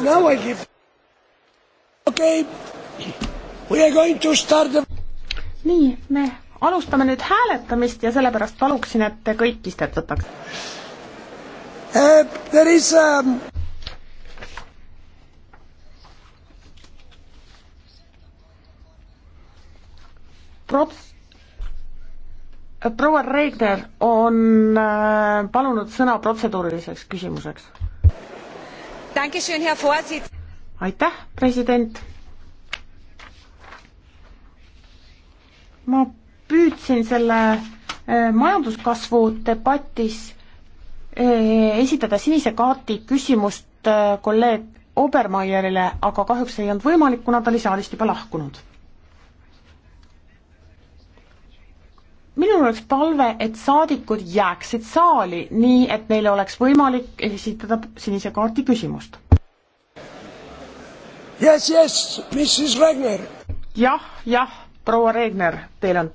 Now I give. Okay, we are going to start the. nii, me alustame nüüd hääletamist ja sellepärast paluksin, et te kõik istet võtaks uh,. There is um... Prot... Äh, proua Reegner on äh, palunud sõna protseduuriliseks küsimuseks aitäh, president. ma püüdsin selle äh, majanduskasvu debatis äh, esitada sinise kaardi küsimust äh, kolleeg Obermeierile, aga kahjuks ei olnud võimalik, kuna ta oli saalist juba lahkunud minul oleks palve, et saadikud jääksid saali, nii et neil oleks võimalik esitada sinise kaardi küsimust. Yes, yes, Mrs Regner. jah, jah, proua Regner, teil on